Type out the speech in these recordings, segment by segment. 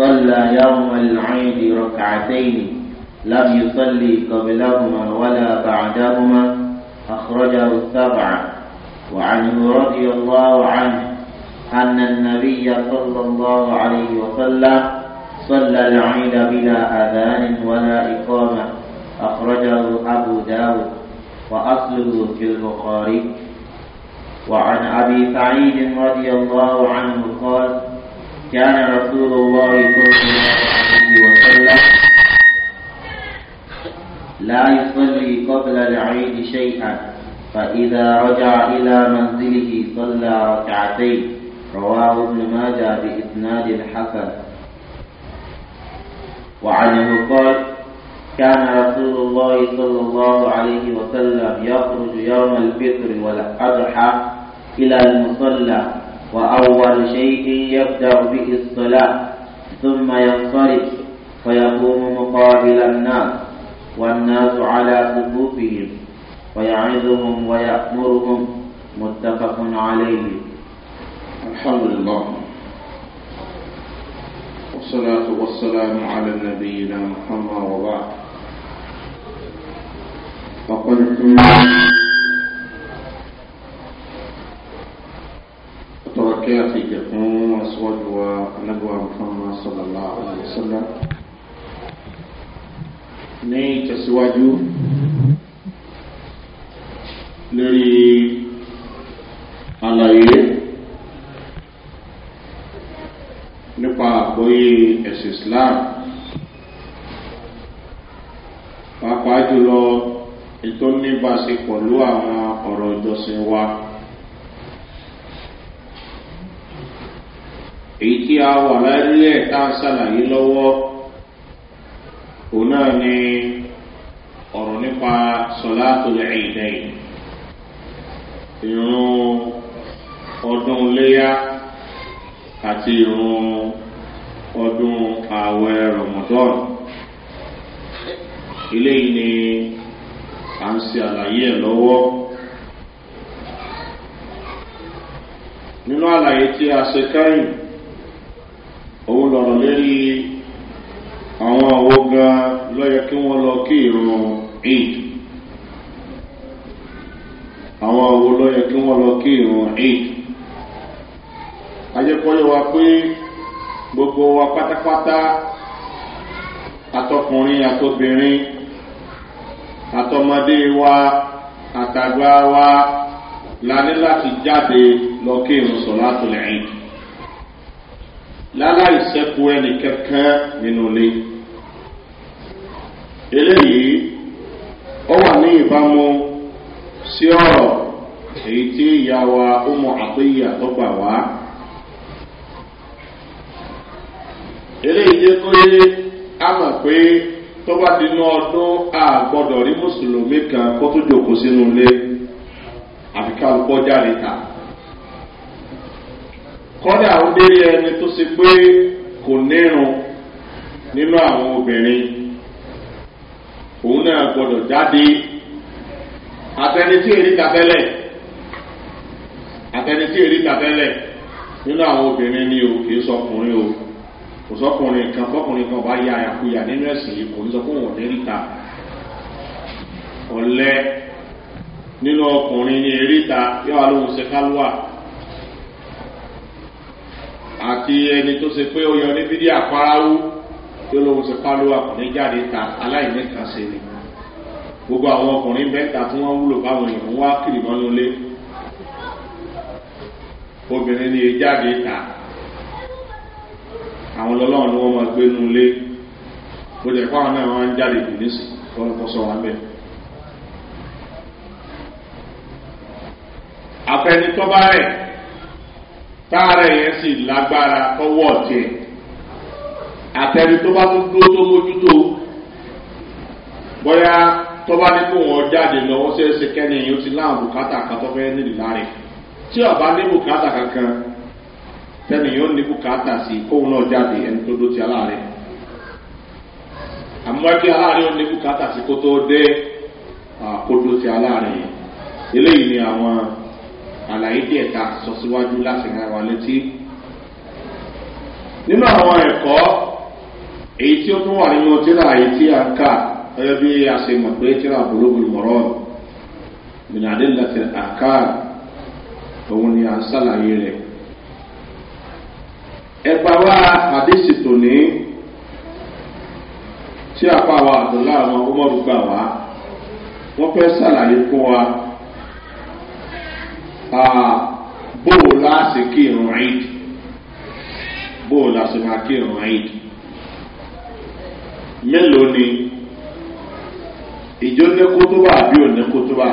صلى يوم العيد ركعتين لم يصلي قبلهما ولا بعدهما أخرجه السبعة وعنه رضي الله عنه أن النبي صلى الله عليه وسلم صلى العيد بلا أذان ولا إقامة أخرجه أبو داود وأصله في البخاري وعن أبي سعيد رضي الله عنه قال كان رسول الله صلى الله عليه وسلم لا يصلي قبل العيد شيئا فإذا رجع إلى منزله صلى ركعتين رواه ابن ماجه بإسناد الحسن وعنه قال كان رسول الله صلى الله عليه وسلم يخرج يوم الفطر والأضحى إلى المصلى وأول شيء يبدأ به الصلاة ثم ينصرف فيقوم مقابل الناس والناس على صفوفهم ويعظهم ويأمرهم متفق عليه الحمد لله والصلاة والسلام على نبينا محمد وبعد فقلت ìkẹ́ àti ìkẹ́ fún aṣíwájú wa anábíwá muhammad sallallahu alayhi wa sallam ní ìtẹ̀síwájú lórí àlàyé nípa àgbóyé ẹ̀sìn islam pàápàá jùlọ ètò níbàṣe pẹ̀lú àwọn ọ̀rọ̀ ìjọsìn wa. èyí tí a wà láyé ẹ̀ tá a ṣàlàyé lọ́wọ́ òun náà ni ọ̀rọ̀ nípa sọlá tó lè ẹ̀yìn dẹ́yìn irun ọdún léyà àti irun ọdún ààwẹ̀ rọ̀mọ̀dọ́n eléyìí ni à ń ṣe àlàyé ẹ̀ lọ́wọ́. nínú àlàyé tí a ṣe káyìn òun lọ̀rọ̀ lérí àwọn àwo gan lọ́yẹ kí wọ́n lọ kí ìrùn eid àwọn àwo lọ́yẹ kí wọ́n lọ kí ìrùn eid ajẹ́kọ́yẹ wa pé gbogbo wa pátápátá atọkùnrin atobìnrin atọmọdé wa àtàgbà wa la ní láti jáde lọ kí ìrùn sọ̀rọ̀ àtúnlẹ̀ eid. láláì sẹ́kù ẹnì kankan nínú ilé eléyìí ó wà ní ìbámu sí ọ̀rọ̀ èyí tí ìyá wa ó àpéyì àtọ́gbà tó gbà wá eléyìí jẹ́ pé a mọ̀ pé tó bá di inú ọdún a gbọ́dọ̀ rí mùsùlùmí kan kó tó jòkó sínú ilé àfi ká jáde ta. kọ́dà ó dérí ẹni tó ṣe pé kò nírun nínú àwọn obìnrin òun náà gbọ́dọ̀ jáde àtẹni tí èrí tàbẹ́lẹ̀ àtẹni tí èrí tàbẹ́lẹ̀ nínú àwọn obìnrin ni o kì í sọkùnrin o kò sọkùnrin kan fọkùnrin kan bá ya àyàkuyà nínú ẹ̀sìn yìí kò ní sọ fún wọn ní ríta ọ̀lẹ́ nínú ọkùnrin ní eríta yóò wá lóhun ṣe kálúwà àti ẹni tó ṣe pé ó yọ ní bídí àparáwú tí ó lóun ṣe pálówà kò ní jáde ta aláìní kan ṣe ni gbogbo àwọn ọkùnrin mẹ́ta tí wọ́n wúlò báwọn èèyàn wá kiri mọ́nú lé obìnrin ni jáde ta àwọn lọ́lọ́run ni wọ́n máa gbé nu lé ó jẹ́ fáwọn náà wọ́n ń jáde jù nísì kọ́lọ́kọ́sọ wa bẹ́ẹ̀. àfẹnitọ́ba rẹ̀ táàrà yẹn sì lágbára kọ́wọ́ tiẹ̀ àtẹni tó bá tún dúró tó mójútó bóyá tó bá ní kó wọn jáde lọ wọ́n ṣeéṣe kẹ́ni yìí ó ti láwọn bùkátà kan tó fẹ́ nílì láre tí ọba ní bùkátà kankan tẹ́ni yóò ní bùkátà sí kóun náà jáde ẹni tó dó aláàrẹ àmọ́ aláàrẹ ó ní bùkátà sí kó tó dé kó aláàrẹ eléyìí ni àwọn àlàyé díẹ̀ ta sọ síwájú láti ra wa létí. nínú àwọn ẹ̀kọ́ èyí tí ó tún wà nínú tíra èyí tí a kà gẹ́gẹ́ bí a ṣe mọ̀ pé tíra àbúrógùn mọ̀rọ̀ gbìyànjú láti àká òun ni à ń ṣàlàyé rẹ̀. ẹ̀pà wa àdéṣe tòní tí àpá wa àdúrà àwọn ọmọ rúgbà wa wọ́n fẹ́ ṣàlàyé fún wa bóò láti kí irun eid bóò láti máa kí irun eid mélòó ni ìjọ ní kótóbà àbí òní kótóbà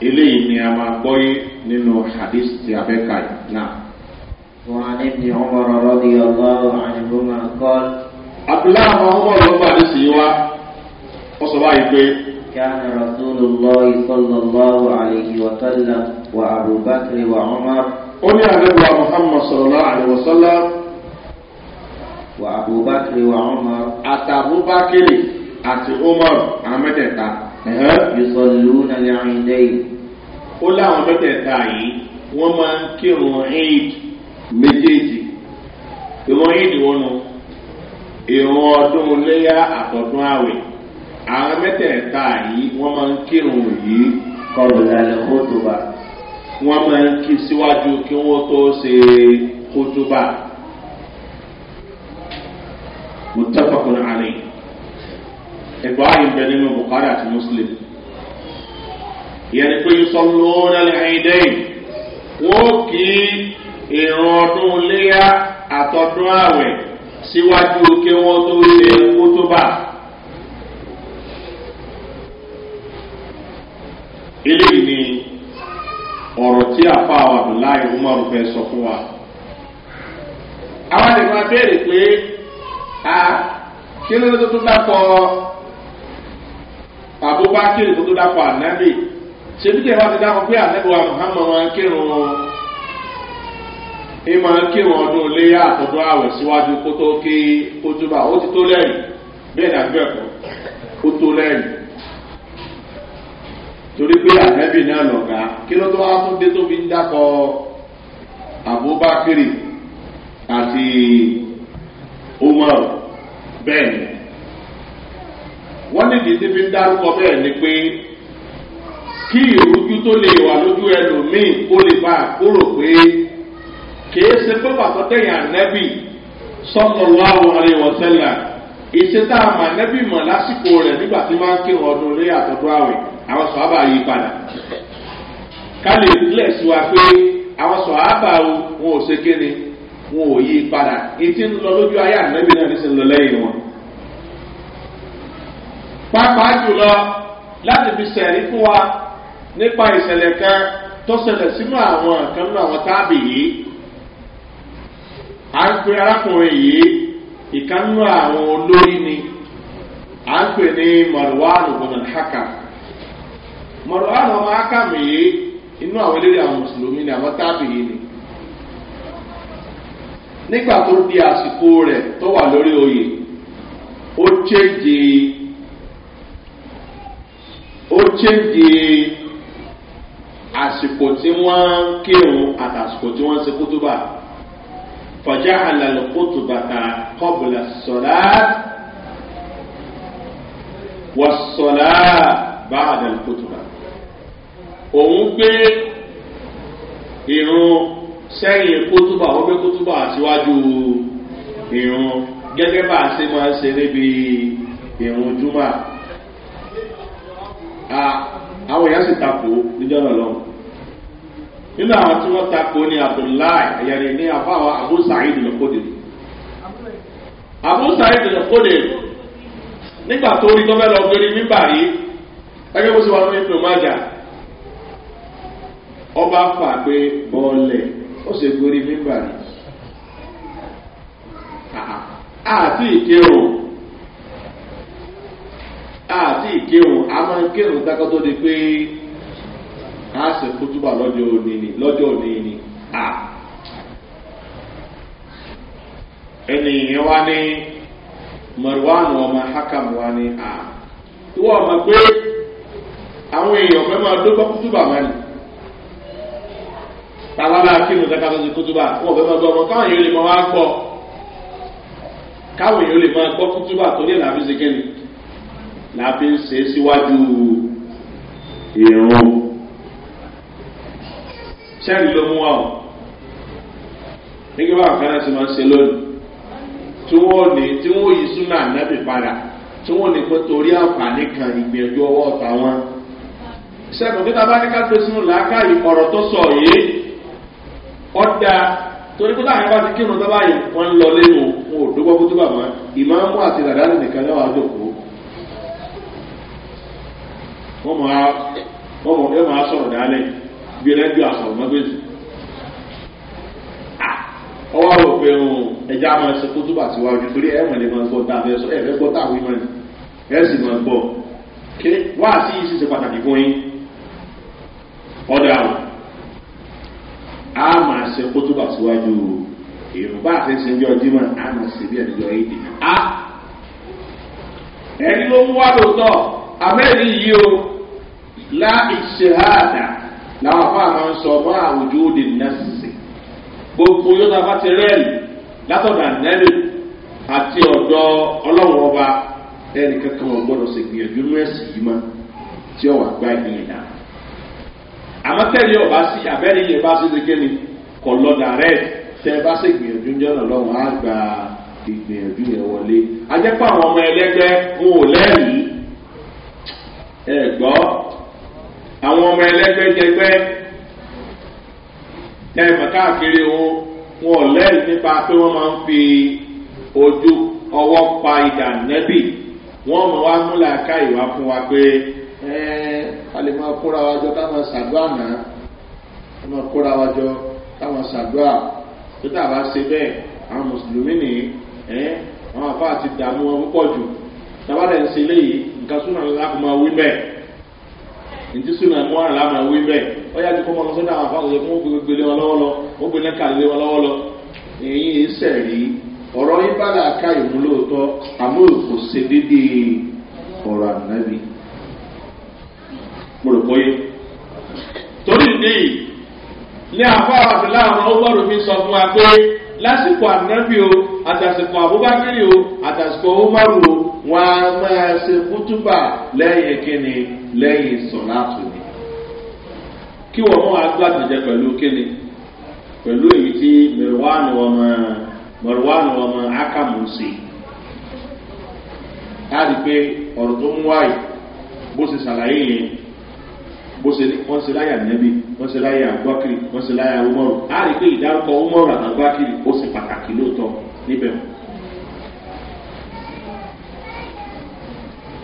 eléyìí ni a máa gbọ́yé nínú hadith ti abẹ́ka náà. وعن ابن عمر رضي الله عنهما قال abdullahi muhammad ló bá ní sí wa ó sọ báyìí pé. kí a nà وأبو بكر وعمر أولي النبي محمد صلى الله عليه وسلم وأبو بكر وعمر أتابو بكر أتي عمر أمتتا يصلون العيدين أولي أمتتا وما كيرو عيد méjèèjì ìwọ̀n yìí ni wọ́n nù ìwọ̀n ọdún léyà àtọ̀dún àwẹ̀ àwọn mẹ́tẹ̀ẹ̀ta yìí wọ́n máa ń kírun yìí kọlù lálẹ́ kótóbà wọ́n máa ń kí síwájú kí wọ́n tó ṣe kótóbà mutafakun ali ẹgbẹ́ àyìnbẹ nínú bukari àti muslim yẹn pé sọlọ́nà lẹ́yìndẹ́ wọ́n kí ìrùn ọdún léyà àtọ́dún àwẹ̀ síwájú kí wọ́n tó ṣe kótóbà. eléyìí ni. ọrọ tí a fa abdullahi umar fẹ́ sọ fún wa. àwọn pé a kí ló tó tó dàpọ̀ abubakar tó tó dàpọ̀ anabi ṣebí tẹ̀ wá ti dàpọ̀ pé anabi wa muhammad wa kírun kírun ọdún léyà àwẹ̀ síwájú kó tó ó ti tó lẹ́yìn bẹ́ẹ̀ ni ó ànábì náà lọ̀gá kí ló tó wá fún dé tó fi ń dákọ̀ abubakar àti umar bẹ́ẹ̀ ni wọ́n nídìí tí fi ń dárúkọ bẹ́ẹ̀ ni pé kí ìrújú tó lè wà lójú ẹlòmíì kó lè bá àkúrò pé kìí ṣe pé pàtó tẹ̀yìn ànábì sọ́kọ̀lọ́ àwọn ọ̀rẹ́ wọ̀ sẹ́là ìṣe tá a mọ̀ ànábì mọ̀ lásìkò rẹ̀ nígbà tí máa ń kírun ọdún lé àtọ́dún àwẹ̀ àwọn sọ̀hábà yí padà ká lè kílẹ̀ sí wa pé àwọn sọ̀hábà wọn ò ṣe kéde wọn ò yí padà etí ń lọ lójú ayé ànábì náà nísìnyí lọ lẹ́yìn wọn. pàápàá jùlọ láti fi sẹ̀rí fún wa nípa ìṣẹ̀lẹ̀ kan tó ṣẹlẹ̀ sínú àwọn kan nínú àwọn táàbì yìí à ń pe arákùnrin yìí ìkan àwọn olórí ni à ń pè ní marwan ibn hakam mọ̀rọ̀hánà ọmọ akámi yìí inú àwọn eléré àwọn mùsùlùmí ni àwọn tábì yìí ni nígbà tó di àsìkò rẹ̀ tó wà lórí oyè ó chéjì ó chéjì àsìkò tí wọ́n kírun àtàsìkò tí wọ́n ṣe kótóbà fọjá àlàlù kótóbàtà kọ́bùlà sọ̀rá wọ́n sọ̀rá bá àdàlù kótóbà òun gbé ìrún sẹ́yìn kótóbà wọ́n gbé kótóbà síwájú ìrún gẹ́gẹ́ bá a ṣe máa ń ṣe níbi ìrún júmọ̀ àwọn èèyàn sì takò níjọ́ náà lọ́wọ́ nínú àwọn tí wọ́n takò ní abdullahi ẹ̀yẹ̀rẹ̀ ní àfáwọn abúsàáyé ìdìlọ́kọ́dé abúsàáyé ìdìlọ́kọ́dé nígbà tó rí gọ́mẹ́lọ́gbẹ́rí mímbà rí ẹgbẹ́ bó ṣe wà ní ìpínlẹ̀ májà ọba fà pé bọ́ọ̀lẹ̀ ó ṣe gorí mímbà ni àti àti a máa ń kírun dákọ́ di pé a sì kú lọ́jọ́ òní ni lọ́jọ́ òní ni à ènìyàn wa mọ̀rùwánù ọmọ wa ni à ìwọ ọmọ pé àwọn èèyàn fẹ́ máa dó bá máa tàbá bá kí nìkan ká tó ti kútúbà wọn fẹ́ máa gbọ́ ọmọ káwọn èèyàn lè máa wá gbọ́ káwọn èèyàn lè máa gbọ́ kútúbà tó ní làbí ṣe kẹ́ni làbí ń ṣe síwájú ìrún sẹ́ẹ̀lì ló mú wa o nígbà wọn kan náà ti máa ń ṣe lónìí tí wọ́n ní tí wọ́n yí súnà ànábì padà tí wọ́n ní pé torí àǹfààní kan ìgbìyànjú ọwọ́ ọ̀tá wọn sẹ́ẹ̀kùn kí tá a bá ní ká gbé sínú làákàyè ọ̀rọ̀ tó sọ yìí. da torí pé táwọn ẹ̀fọ́ ti kírun tó báyìí wọ́n ń lọ lẹ́nu wọn ò dúpọ́ fún tó bàbá ìmáàmù àti dàdánù nìkan náà wàá dòkó. wọ́n máa wọ́n máa máa sọ̀rọ̀ dálẹ̀ bí rẹ́díò àsọ̀rọ̀ mọ́gbẹ́sì. ọwọ́ rò pé ẹja máa ṣe kó túbà síwájú torí ẹ̀ mọ̀lẹ́ máa gbọ́ tàbí ẹ̀sọ́ ẹ̀fẹ́ gbọ́ tàbí mọ̀ ẹ̀ sì máa gbọ́ wá sí pàtàkì fún yín a máa ṣe kótóbà síwájú èrò bá àṣẹ ṣe ń jọ jimá àmà sí bí èdè a ẹni ló ń wá lóòótọ́ abẹ́rẹ́ yìí o lá ìṣèhádà làwọn afá máa ń sọ fún àwùjọ òde nẹ́sì gbogbo yóò tá a bá ti rẹ́ẹ̀lì látọ̀dọ̀ ànẹ́lì àti ọ̀dọ́ ọlọ́run ọba ẹnì kankan wọn gbọ́dọ̀ ṣe gbìyànjú mẹ́sì yìí má tí ọ̀wà gbá ìgbìyànjú àmọ́ tẹ́lẹ̀ ọba sí abẹ́rẹ́ yìí ọba sí ti kéde. kọ lọ direct tẹ ẹ bá ṣe gbìyànjú ń lọ́wọ́ á gba ìgbìyànjú yẹn wọlé ajẹ́pọ̀ àwọn ọmọ ẹlẹ́gbẹ́ wọn ò lẹ́rìí ẹ gbọ́ àwọn ọmọ ẹlẹ́gbẹ́ jẹgbẹ́ tẹ mọ̀ káàkiri wọn wọn ò nípa pé wọ́n máa ń fi ojú ọwọ́ pa ìdà wa pé máa kóra ká máa ṣàdúrà náà káwọn ṣàdúrà tó tàbá ṣe bẹ́ẹ̀ àwọn mùsùlùmí ní ẹ́ àwọn afá àti dààmú wọn púpọ̀ jù tàbálẹ̀ ń ṣe léyìí nǹkan súnà ńlá máa wí bẹ́ẹ̀ ntí súnà mú àrà máa wí bẹ́ẹ̀ ó yá sọ́dọ̀ àwọn fún gbélé wọn lọ́wọ́ lọ ní àbá àbúlá àwọn ọgbọ́rùn mi sọ fún wa pé lásìkò ànábì o àtàsìkò àbúbákẹ́rì o àtàsìkò ọmọrù o wọn a máa ṣe kútúbà lẹ́yìn kíni lẹ́yìn sọ̀láàtù ni kí wọ́n mọ́ agbátẹ̀jẹ pẹ̀lú kíni pẹ̀lú èyí tí mẹ̀rùwánù ọmọ mẹ̀rùwánù ọmọ ákàmù sí láti pé ọ̀rọ̀ tó ń wáyé bó ṣe ṣàlàyé yẹn bó ṣe wọ́n ṣe láyà wọ́n ṣe láyé àgbákiri wọ́n ṣe láyé umaru a rí pé ìdárúkọ umaru àgbákiri ó sì pàtàkì lóòótọ́ níbẹ̀.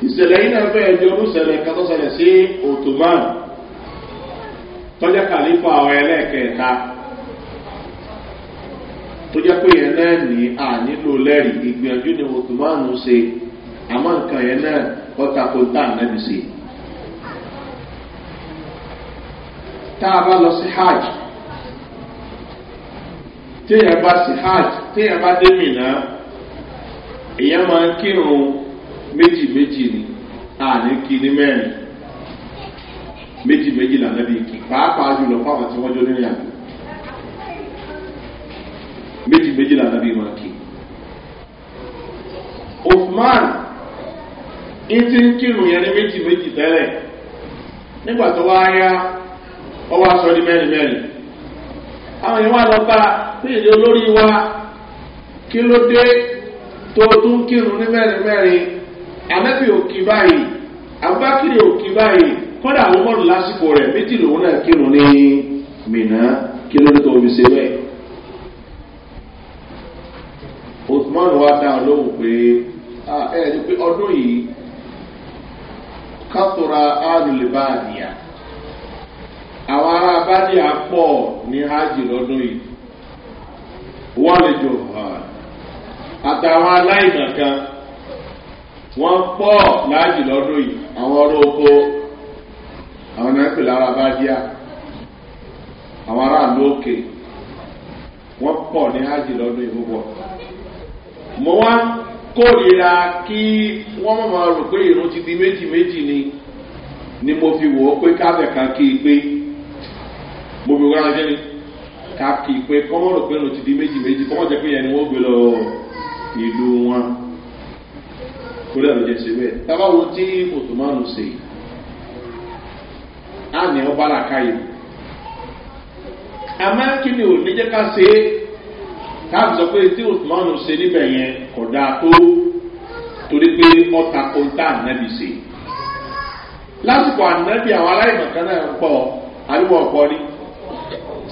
ìṣẹ̀lẹ̀ yìí náà bẹ́ẹ̀ di olùṣẹ̀lẹ̀ kan tó ṣẹlẹ̀ sí ottoman tọ́jà kàlífà àwọn ẹlẹ́ẹ̀kẹta tó jẹ́ pé yẹn náà ní à nílò lẹ́rìí ìgbìyànjú ni ottoman ṣe àmọ́ nǹkan yẹn náà kọ́ta kó ń tà nẹ́bi sí i. tá a lọ sí hajj téèyàn bá sí hajj téèyàn bá dé mìíràn èèyàn máa ń kírun méjì méjì ni àní kí ní mẹ́rin méjì méjì lànà bí kí pàápàá jùlọ fáwọn tí wọ́n jó nínú àgbẹ̀ méjì méjì lànà bí wọn kí. ń kírun yẹn ní méjì méjì tẹ́lẹ̀ ọwọ́ aṣọ ní mẹ́rin mẹ́rin àwọn èèyàn wà lọ bá ní ìdí olórí wa kí ló dé tó tún kírun ní mẹ́rin mẹ́rin anábì òkì báyìí abákìrì òkì báyìí kọ́dà àwọn mọ́rù lásìkò rẹ̀ méjì lòun náà kírun ní mìíràn kí ló dé tó fi ṣe bẹ́ẹ̀. osman wa dáhùn lóhùn pé ẹ ẹ ní pé ọdún yìí kátòrà àrùn báyìí. abáni àpọ̀ ní hajj lọ́dún yìí wọ́n lè jò hàn àtàwọn aláìmọ̀kan wọ́n pọ̀ láàjì lọ́dún yìí àwọn ọ̀rọ̀ oko àwọn náà pè lára abájíà wọ́n pọ̀ ní hajj lọ́dún yìí púpọ̀ mo kí mọ̀ rò pé ìrún ti di méjì méjì ni ni mo fi wò kan kí gbogbo wa lọ́jọ́ ni ká kì í pé kọ́mọ́ rò pé ti di méjì méjì kọ́mọ́ jẹ́ pé yẹn ni wọ́n gbé lọ ìlú wọn kódà ló jẹ́ síbẹ̀ tábà wo tí òtòmánù ṣe á ní ọba làkàyè àmọ́ kí ni ò ní jẹ́ ká ṣe é káàbù sọ pé tí òtòmánù ṣe níbẹ̀ yẹn kò dáa tó torí pé ọta kóńtà ànábì ṣe lásìkò ànábì àwọn aláìmọ̀kan náà ń pọ̀ àríwọ̀ ọ̀pọ̀ ni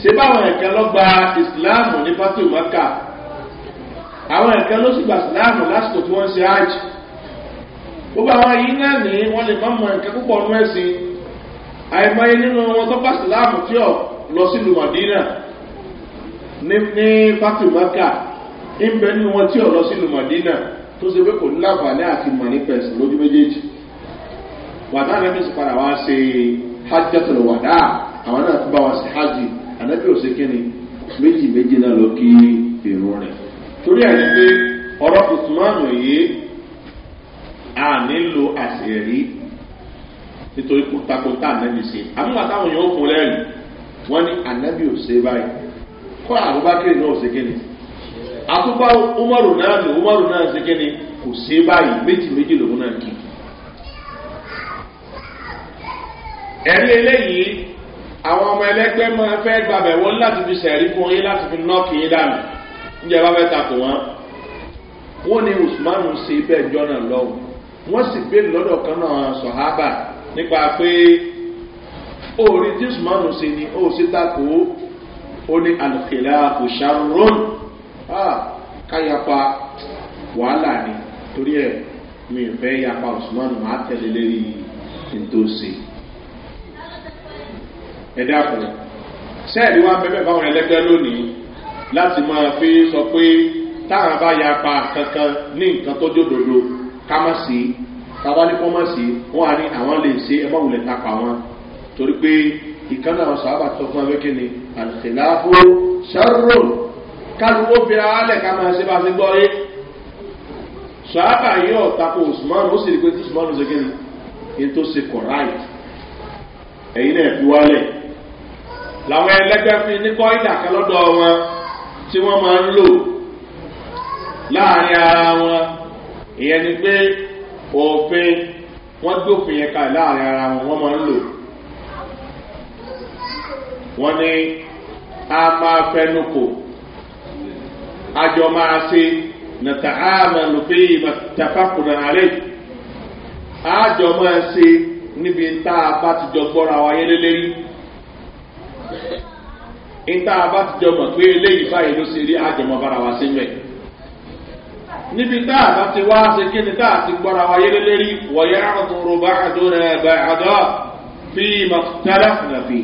ṣe báwọn ẹ̀kan lọ gba ìsìláàmù ní pátó mọ́kà àwọn ẹ̀kan ló sì gba ìsìláàmù lásìkò tí wọ́n ń ṣe ájì gbogbo àwọn yìí náà ní wọ́n lè má mọ ẹ̀kan púpọ̀ nú ẹ̀sìn àìmọye nínú wọn tó bá ìsìláàmù tí ò lọ sílùú mọ̀dínà ní pátó mọ́kà ń bẹ nínú wọn tí ò lọ sílùú mọ̀dínà tó ṣe pé kò ní láǹfààní àti mọ̀ nípa ẹ̀sìn lójú méjèèjì wàdà nàbẹ̀sì padà wá ṣe hajjatulwàdà ànábì ò sí kíni méjì méjì náà ló kí irun rẹ̀ torí àti pé a nílò àṣẹ̀rí nítorí kó takuntà ṣe àmúgbà táwọn yòó kún lẹ́rìí wọ́n ní ànábì ò ṣe báyìí kọ́ àbúbákẹ́rì náà ò sí kíni àtúbá umaru náà umaru náà ṣe kíni àwọn ọmọ ẹlẹgbẹ́ máa fẹ́ gbàbẹ̀ wọ́n láti fi sẹ̀rí fún yín láti fi nọ́ọ̀kì yín dànù níjẹ́ bá fẹ́ takò wọ́n. wọ́n ní usman ṣe bẹ́ẹ̀ jọ́nà lọ́wọ́ wọ́n sì béèrè lọ́dọ̀ kan náà sọ̀hábà nípa pé orí tí usman ṣe ni ó ṣe takò ó ní alùpùpù òṣàrún ah, káyapa wàhálà ni torí ẹ̀ mi ò fẹ́ yapa usman máa tẹ̀lé lérí ntòsí ẹ dákun sẹ́ẹ̀dì wa bẹ́ẹ̀ báwọn ẹlẹ́gbẹ́ lónìí láti máa fi sọ pé táwọn bá ya pa kankan ní nǹkan tó jódodo ká má sí táwa ní kó má sí wọn á ní àwọn lè ṣe ẹ má wulẹ̀ ta pa wọn torí pé ìkan náà sọ àbá tó fún ẹ wékè ni àtìláfó sẹ́rò kálukó fi alẹ̀ ká máa ṣe bá ṣe gbọ́ yé sọ́ábà yóò tako usman ó sì rí pé tí usman ṣe kí ni ní ṣe kọ̀ ráì ẹ̀yin náà fi wálẹ̀ làwọn ẹlẹgbẹ́ fi ní kọ́ìlà kan lọ́dọ̀ wọn tí wọ́n máa ń lò láàrin ara wọn ìyẹn ni pé òfin wọ́n gbófin yẹn kalẹ̀ láàrin ara wọn wọ́n máa ń lò wọ́n ní a máa fẹnu kò àjọ máa ṣe nàtà àmàlù pé ìmọ̀tàfàkùnà àlẹ́ àjọ máa ṣe níbi tá a bá ti jọ gbọ́ra wa yé níta bá ti jọ mọ̀ pé eléyìí báyìí ló ṣe rí àjọmọ̀ bára wa sí mẹ́ níbi tá a bá ti wá ṣe kí ni tá a ti gbọ́ra wa yẹ́lẹ́ lérí wọ̀nyẹ́ àtúrò bá àdó rẹ̀ bá àdó fi mọ̀ tẹ́lẹ̀ fún ẹ̀fì.